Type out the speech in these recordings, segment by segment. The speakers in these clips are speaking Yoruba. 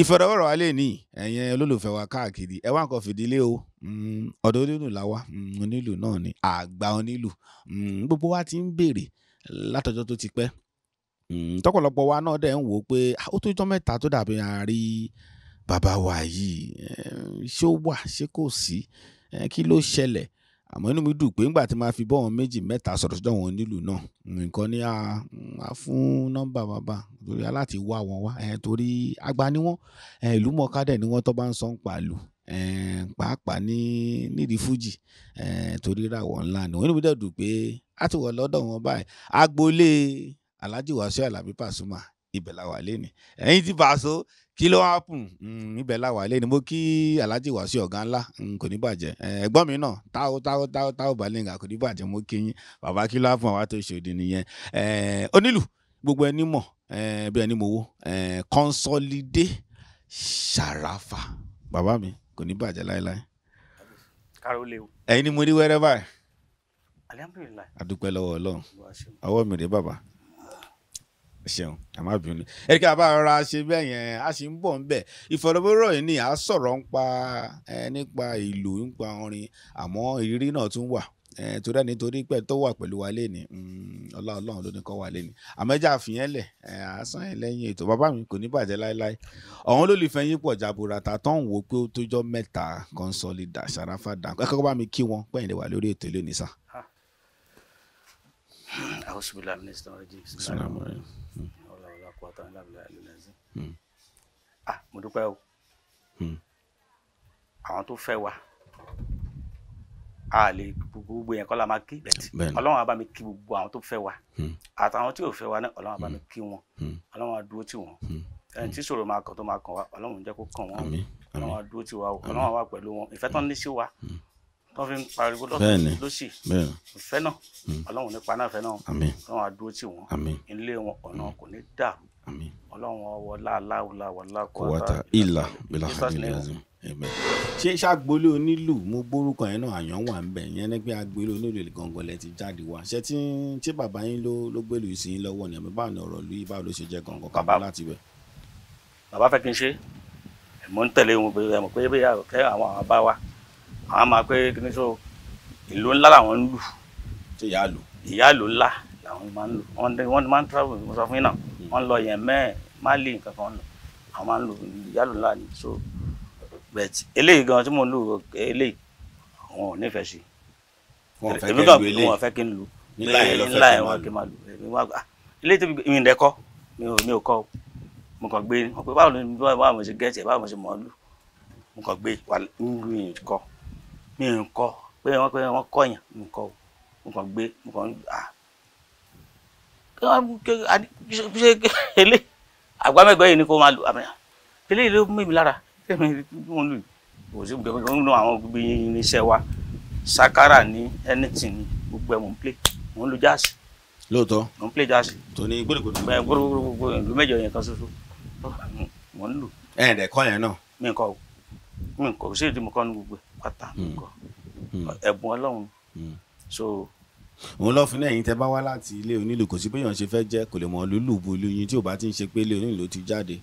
ìfọ̀rọ̀wọ́rọ̀ alẹ́ ní ẹ̀yin olólùfẹ́ wa káàkiri ẹ wá nǹkan fìdílé o hmm, ọ̀dọ̀ onílù làwa hmm, onílù náà ni àgbà onílù hmm, gbogbo wa ti ń béèrè látọjọ́ tó ti pẹ́ tọ́pọ̀lọpọ̀ wa náà dẹ̀ ń wò ó pé ó tó jọ́ mẹ́ta tó dàbí àárí bàbá wa yìí ṣé ó wà ṣé kò sí kí ló ṣẹlẹ̀ àmọ́ inú mi dùn pé ńgbà tí máa fi bọ́ àwọn méjì mẹ́ta sọ̀rọ̀ sọ́dọ̀ wọn nílùú náà nǹkan ní a fún nọ́mbà bàbá torí aláti wá wọn wá torí àgbà ni wọ́n ìlú mọ̀ọ́ká dẹ̀ ni wọ́n tó bá ń sọ ń pàlù pàápàá ní nídìí fújì torí ràwọ̀ ńlá ni wọ́n inú mi dẹ̀ dùn pé a ti wọ̀ lọ́dọ̀ wọn báyìí agboolé Alhaji Wasiu Alabi ibẹ̀ la wà lẹ́ni ẹ̀yin ti Paso kí ló happen hmm, níbẹ̀ làwà ilé ni mo kí Alhaji Wasiu ọ̀gá ńlá hmm, kò ní bàjẹ́ ẹ̀gbọ́n mi náà táwo táwo táwo táwo Balenga kò ní bàjẹ́ mo kí yín bàbá kí ló happen àwa tó ṣòdì nìyẹn onílù gbogbo ẹni mọ̀ bí ẹni mowó Consolide Sharafa bàbá mi kò ní bàjẹ́ láéláé. káró lè o. ni mo rí wẹ́rẹ́ báyìí. alihamudulilayi. a dúpẹ́ lọ́wọ́ Ọlọ́run ọwọ́ mi rèé bàbá. ṣeun àmàbìnrin ẹ̀ka bá ara ṣe bẹ́ẹ̀ yẹn a sì ń bọ̀ ń bẹ̀ ìfọ̀rọ̀wérọ̀ yìí ni à ń sọ̀rọ̀ nípa nípa ìlú nípa orin àmọ́ ìrírí náà tún wà torí ẹni torí pé tó wà pẹ̀lú wa lẹ́ni mm, ọlá ọlọ́run ló ní kọ́ wa lẹ́ni àmẹ́jà àfihàn lẹ̀ àásán ẹ̀ lẹ́yìn ètò bàbá mi kò ní bàjẹ́ láéláé ọ̀hún olólùfẹ́ yín pọ̀ jaburata tó ń wò pé ó tójọ́ mẹ́ta consolida sarafa dàn kẹ́kọ̀ọ́ bá mi kí wọn pẹ́yìn lè wà lórí ètò ilé nìsan. أعوذ بالله من الشيطان الرجيم بسم الله الرحمن الرحيم ولا ولا قوة إلا بالله العلي العظيم ah mo dúpẹ́ o hmm. àwọn tó fẹ́ wa a lè gbogbo yẹn kọ́ la máa kí bẹ́ẹ̀ tí ọlọ́run á bá mi kí gbogbo àwọn tó fẹ́ wa hmm. àtàwọn tí ò fẹ́ wa náà ọlọ́run á bá mi hmm. kí wọn ọlọ́run á dúró tì wọ́n ẹni tí ṣòro máa kàn tó máa kàn wa ọlọ́run jẹ́ kó kàn wọ́n ọlọ́run á tì wa ọlọ́run á pẹ̀lú wọn ìfẹ́ tán ní sí wa tó fi ń pariwo lọ́sùn lọ́sì ìfẹ́ náà hmm. ọlọ́run nípa náà fẹ́ náà ọlọ́run àdúró tì wọ́n ilé wọn ọ̀nà hmm. kò ní dà ọlọ́run ọwọ́ láàláwùlà wàlá kọ́ta ìlà bílà àbílẹ̀ azim onílù mo gbórúkọ yẹn náà àyàn wà ń bẹ yẹn ní pé onílù gangan lẹ ti jáde wá ṣé tí tí bàbá yín ló ló gbélú sí yín lọ́wọ́ ni àbí ni ọ̀rọ̀ lu báwo ló ṣe jẹ́ gangan kàbá láti bẹ̀. bàbá fẹ́ kí n ṣe mo ń tẹ̀lé wọn pé mo pé àwọn àbá wa àwọn máa pé kí sọ ìlú ńlá làwọn ń lù. ṣé ìyá lò. ìyá lò ńlá làwọn máa ń lò wọ́n máa ń travel mo sọ fún yín náà hmm. wọ́n lọ Yemen Mali nǹkan kan lọ àwọn máa ń lò ìyá lò ńlá ni so but eléyìí gan tí mo lù eléyìí àwọn ò nífẹ̀ẹ́ sí. wọn fẹ́ kí n lu eléyìí wọn fẹ́ kí n lu nílá yẹn lọ fẹ́ kí máa lù ah, eléyìí tó mi dẹ́kọ́ mi ò kọ́ o mo kàn gbé wọn pé báwo ni báwo mo ṣe gẹ́tì báwo mo ṣe mọ̀ ọ́ lù mo kàn gbé wà ń lu ìyẹn kọ́ mi ń kọ pé wọ́n pé wọ́n kọ̀yàn nǹkan o nǹkan gbé nǹkan à kí wọ́n ké ṣe kele àgbámẹ́gbẹ́ yìí ni kó máa lù àmì kele yìí ló mú mi lára kẹ́mi mo lù kò sí gbẹgbẹ́ nínú àwọn gbogbo irinṣẹ́ wa sakara ní anything ní gbogbo ẹ̀ mò ń play mò ń lu jáàsì. lóòótọ́ mò ń play jáàsì. tòní gbódògbódò. bẹ́ẹ̀ gbódògbódò ìlú mẹ́jọ yẹn kan ṣoṣo mò ń lù. ẹ̀ ẹ̀ dẹ̀ kọ́ yẹn náà. mi kọ́ mi kọ́ sí ìdí mo kọ́ ní gbogbo ẹ̀ pátápátá nǹkan hmm. hmm. ẹ̀bùn ọlọ́run hmm. so. òun lọ fún ẹ̀yin tẹ́ bá wá láti ilé onílù kò sí bóyá ṣe fẹ́ jẹ́ kò lè mọ lùlù bu ìlú yín tí ò bá ti ń ṣe pé ilé onílù ti jáde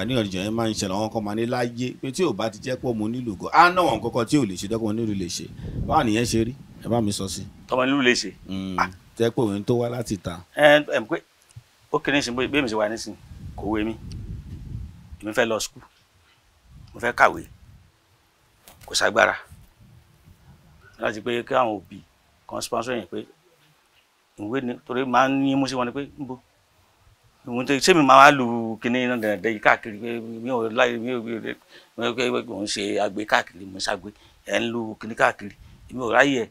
àníyànjiyàn yẹn máa ń ṣẹlẹ̀ àwọn kan máa ní láyé pé tí ò bá ti jẹ́ pọ̀ mo nílù gan á náwọn kọ́kọ́ tí ò lè ṣe dọ́kọ̀ nílù lè ṣe báwa nìyẹn ṣe rí ẹ bá mi sọ sí. tọmọ nílù lè ṣe. Ah. tẹ́ pé òun tó wá láti ta. ẹ ẹ pé ó kéré sí bí èmi ṣe wà nísìnyí kò wé mi èmi fẹ́ lọ skul mo fẹ́ kàwé kò ságbára láti pé kí àwọn òbí kan sponsor yẹn pé ìwé ni torí máa ń yín mú sí wọn ni pé ń bo ìwọ̀n tó ṣé mi máa wá lu kíní iná dandan yìí káàkiri pé mi ò láyé mi ò bí òun ṣe agbe káàkiri mo ṣàgbé ẹ̀ ń lu kíní káàkiri èmi ò ráyè ẹ̀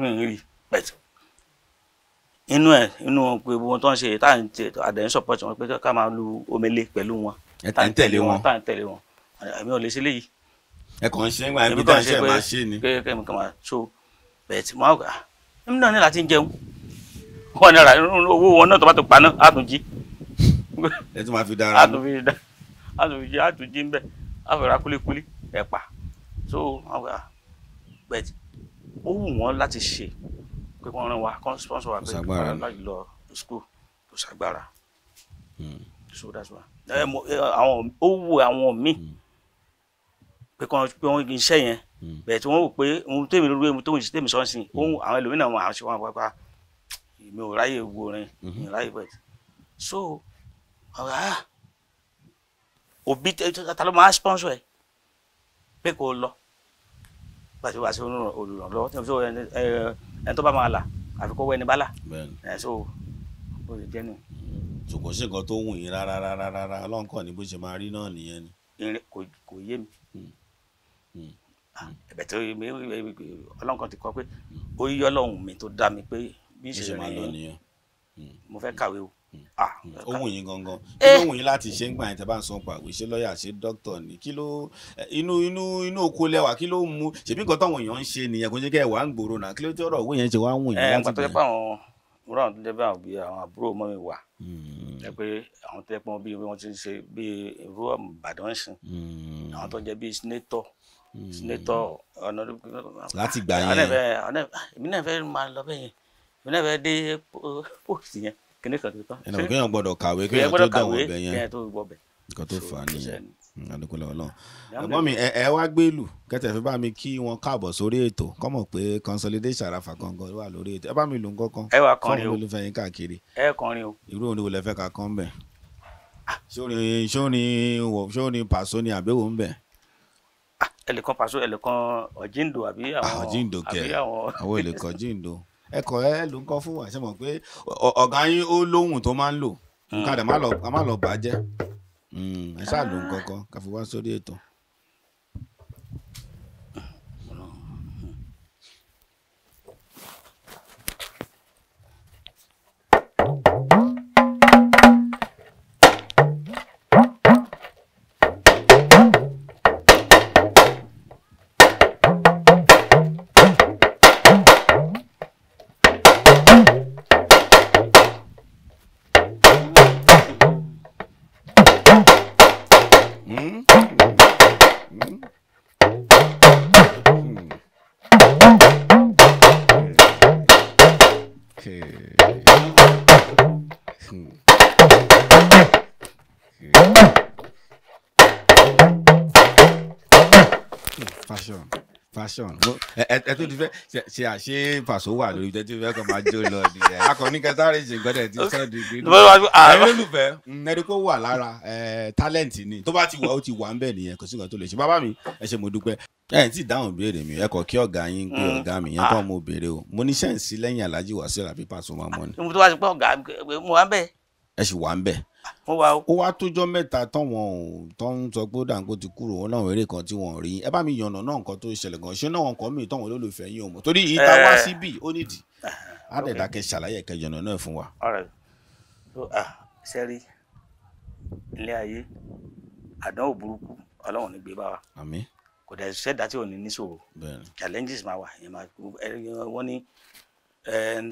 mi ò rí pẹ̀tù inú ẹ inú pé wọn tó ń ṣe tá à ń tẹ àdéhùn support wọn pé ká máa lu omele pẹ̀lú wọn tá à ń tẹ̀lé wọn tá ń tẹ̀lé wọn àmì ò lè ṣe léyìí ẹ kàn ṣe ń wá ibi tá à ń ṣe máa ṣe ni. pé kẹ́mi kan máa so bẹ̀ẹ̀ tí mo á gbà ẹ̀mí náà ní láti ń jẹun wọn náírà owó wọn náà tó bá tó pa náà á tún jí. ẹ tún máa fi dára á tún fi dá á tún fi jí á jí ń bẹ̀ á fẹ́ ra kúlíkúlí ẹ̀ pa so ọgbà bẹ̀ẹ̀ tí ó wù wọ́n láti ṣe pé wọ́n rán wa kán sponsor wa pé wọ́n láti lọ school kò ṣàgbára hmm. so that's why àwọn ó wù àwọn míì. Hmm pé kí wọ́n iṣẹ́ yẹn hmm. bẹ́ẹ̀ tí wọ́n rò pé ohun tèmi lórí ohun tóun tèmi sọ́n sí hmm. ohun àwọn ẹlòmíràn wọn àwọn ṣe wọn pápá mi ò ráyè wo rin mi ò hmm. ráyè bẹ́ẹ̀ so ọ̀rọ̀ ah òbí ta ló máa sponsor ẹ pé kò lọ gbàtí wàá sí olùrànlọ́wọ́ tí wọ́n ẹni tó bá máa là àfi kó wọ ẹni bá là ẹ̀ so ó lè jẹ́ nù. ṣùgbọ́n ṣe nǹkan tó wù yín rárá rárá rárá ọlọ́nkàn ni bó ṣe máa rí náà nìyẹn ni. kò yé mi bẹ̀tẹ̀ ọlọ́run kan ti kọ pé ó yí ọlọ́run mi tó dá mi pé bí ìṣẹ̀lẹ̀ máa lọ nìyẹn hmm. mo fẹ́ kàwé o. ó wù yín gangan eh. kí ló wù yín láti ṣe ń gbà yín tẹ́ bá ń sọ pàwé ṣe lọ́ọ̀yà ṣe dókítà ni kí ló eh, inú inú inú oko lẹ́wà kí ló mú ṣèbí nǹkan táwọn èèyàn ń ṣe nìyẹn kò ń ṣe kẹ́ ẹ̀ wá ń gbòòrò náà kí ló tí ọ̀rọ̀ owó yẹn ṣe wá ń wù yín eh, láti gbà yín múra àwọn tó jẹ bá àwọn bíi àwọn àbúrò mọ mi wà hmm. ẹ pé àwọn tó jẹ pé wọn bí wọn ti ń ṣe bíi irú Ìbàdàn ṣin hmm. àwọn tó jẹ bíi sinetọ sinetọ ọ̀nàdúgbò. láti gbà yẹn èmi náà fẹ́ máa lọ bẹ́ẹ̀ yẹn èmi náà fẹ́ dé pòsì yẹn kíní kan tó tán. ẹnìkan kéèyàn gbọ́dọ̀ kàwé kéèyàn tó dàn wọ bẹ yẹn nǹkan tó fà á nìyẹn adúgbòlò Ọlọ́run ẹ̀gbọ́n mi ẹ wá gbélù kẹtẹ fi bá mi kí wọn káàbọ̀ sórí ètò kọmọ pé consolidate Sharafah gangan wà lórí ètò ẹ bá mi lù ń ẹ wà kọrin o fọwọn olólùfẹ́ yín káàkiri ẹ kọrin o irú òní wòlẹ fẹ́ ká kọ ń bẹ sórin pàṣọ ni àbẹ̀wò ń bẹ ẹlẹ́kan paṣọ ẹlẹ́kan ọ̀jíǹdò àbí ah, àwọn ọ̀jíǹdò kẹ àwọn ẹlẹ́kan ọ̀jíǹdò ẹkọ ẹ ló ń kọ fún wa ṣe mọ̀ pé ọ̀gá yín ó lóhùn tó máa ń lò nǹkan àdàmà lọ bàjẹ́ hmm, ẹ ṣáà ló ń kọ́kọ́ káfíwá sórí ètò. Okay. Fashion fashion ẹ tó ti fẹ ṣe àṣe pàṣọ wà lórí ìjọ tí fẹ kọ máa jó lọ nìyẹn akọni kẹta rẹ ṣe gbọdọ ti sọ di bí ẹni olùfẹ́ ẹni wà lára talent ni tó bá ti wà ó ti wà ń bẹ nìyẹn kò sí nǹkan tó lè ṣe bàbá mi ẹ ṣé mo dúpẹ́ ẹ ti dáhùn béèrè mi ẹ kọ kí ọgá yín gbé mm. ọgá mi yẹn kọ ah. mo béèrè o mo ní sẹ́ǹsì lẹ́yìn Alhaji Wasiu Alabi Pasuma mọ́ ni. Ah, mo tó wá sí pé ọgá mo wá ń bẹ̀. ẹ sì wá ń bẹ̀. mo wá o. ó wá tójọ́ mẹ́ta tọ́wọ̀n o tó ń sọ pé ó dà ń kó ti kúrò wọn náà eré kan tí wọ́n rí ẹ bá mi yànnà náà nǹkan tó ṣẹlẹ̀ gan ṣé náà nǹkan mi tọ́wọ̀n olólùfẹ́ yín o mọ̀ torí ìta wá eh. síbí ó nídìí á ṣàlàyé kẹjọ̀nà náà fún ah, gbé bá wa. àmín kò dẹ̀ ṣẹ̀dá tí ò ní níṣòro challenges máa wà wọ́n ní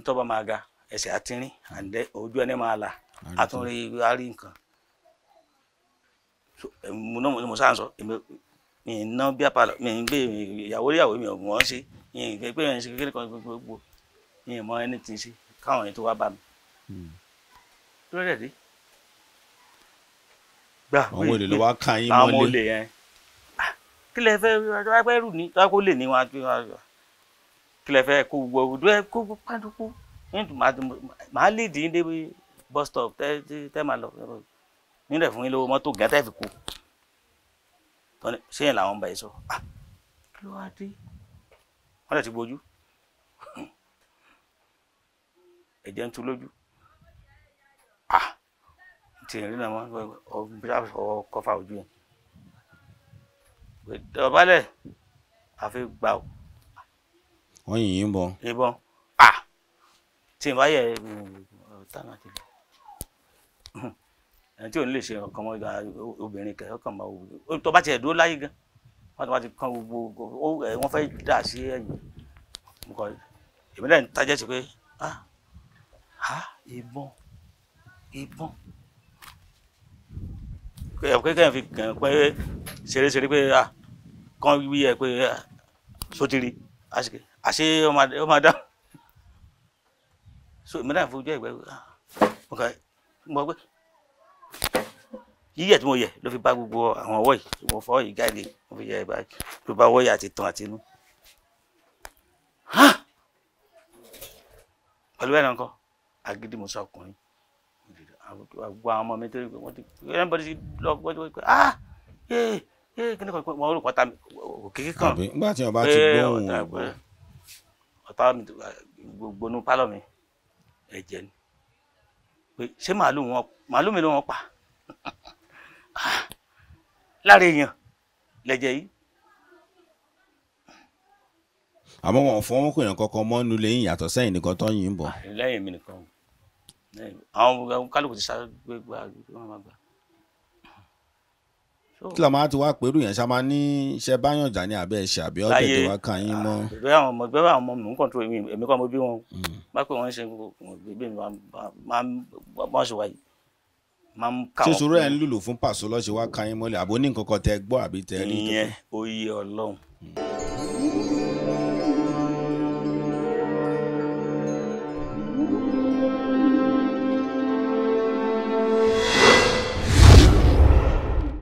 tọ́ba máa ga ẹsẹ̀ àtìrín and then ojú ẹni máa là àtúnrí àárí nǹkan mo náà mo sáà ń sọ mi ń ná bí apalọ mi ń gbé ìyàwó ìyàwó mi ò mọ̀ ọ́n sí mi ń gbé ìyàwó kékeré kan gbogbo mi ń mọ ẹni tí ń sí káwọn yẹn tó wá bá mi. Hmm. gbà wọ́n olè ló wá kàn yín mọ́lé kí lẹ fẹ́ tó bá pẹ́ rù ní tó bá kó lè ní wọn kí lẹ fẹ́ kó wọ òdó ẹ kó pàdúkú màá lè dín dé bus stop tẹ́ máa lọ nílẹ̀ fún yín lówó mọ́tò gẹ́tà fi kú ṣé yẹn làwọn ń bá yín sọ kí ló wá dé wọ́n lè ti gbojú ẹ̀jẹ̀ ń tu lójú tí ìrìnà wọn kọfà ojú yẹn dọ̀bálẹ̀ àfi gbà ó. wọ́n yìn yín bọ. ìbọn à tí n bá yẹ mm, tánà ti bọ ẹni tí ò ní lè ṣe ọkàn mọ obìnrin kẹ ọkàn mọ obìnrin tó bá tiẹ̀ dúró láyé gan wọ́n ti wá ti kan gbogbo wọ́n fẹ́ dà sí ẹ̀yìn èmi náà ń tajẹ́ sí pé ah ah ìbọn ìbọn kẹ́kẹ́ fi kàn pé ṣeré ṣeré pé ah kan wí ẹ pé sotiri ah, àṣé ọmọ adá so mẹ́ta fojú ẹ̀gbẹ́ ọkà mọ̀ pé ah, yíyẹ̀ tí mo yẹ ló fi bá gbogbo àwọn ọwọ́ yìí mo fọwọ́ yìí gáàlì mo fi yẹ ẹ̀ bá ló bá wọ́ọ̀yà àti tan àti inú. pẹ̀lú ẹ̀ náà kọ́ agídí mo sọ ọkùnrin àwọn ọmọ mi tó rí pé wọ́n ti ẹnìbọ̀dì ti lọ gbọ́dọ̀ pé ah yéé ẹ kí ni kò wọn olùkọ́ ta òkìkí kan àbí nígbà tí wọn bá ti gbóhùn ọ̀tá gbogbo nu pálọ̀ mi ẹ̀jẹ̀ ni pé ṣé màálù wọn màálù mi ló wọn pa Lari èèyàn lẹ́jẹ̀ yìí. àmọ́ wọn fún ọmọkùnrin kankan mọ́nú lẹ́yìn yàtọ̀ sẹ́yìn nìkan tó yìn bọ̀. lẹ́yìn mi nìkan àwọn kálukú ti sáré gbé gbà kí lọ́ọ́ máa ti wá pẹ̀lú yẹn ṣá máa ní iṣẹ́ báyọ̀jà ní abẹ́ ẹ̀ṣẹ̀ àbí ọ̀tẹ̀ tó wá kàn yín mọ́. ìgbẹ́ ah, àwọn ọmọ ìgbẹ́ àwọn ọmọ mi ń kọ́ńtò èmi kọ́ mo bí wọn hmm. bá pé wọ́n ń ṣe gbègbè mi máa ń bọ́n ṣe wáyé máa ń ká wọn. ṣé sòrò ẹ̀ ń lùlù fún pàṣọ lọ́ọ́ wá kàn yín mọ́lẹ̀ àbó nǹkan kan tẹ gbọ́ àbí tẹ rí. ìyẹn oyè ọlọ́run. Hmm.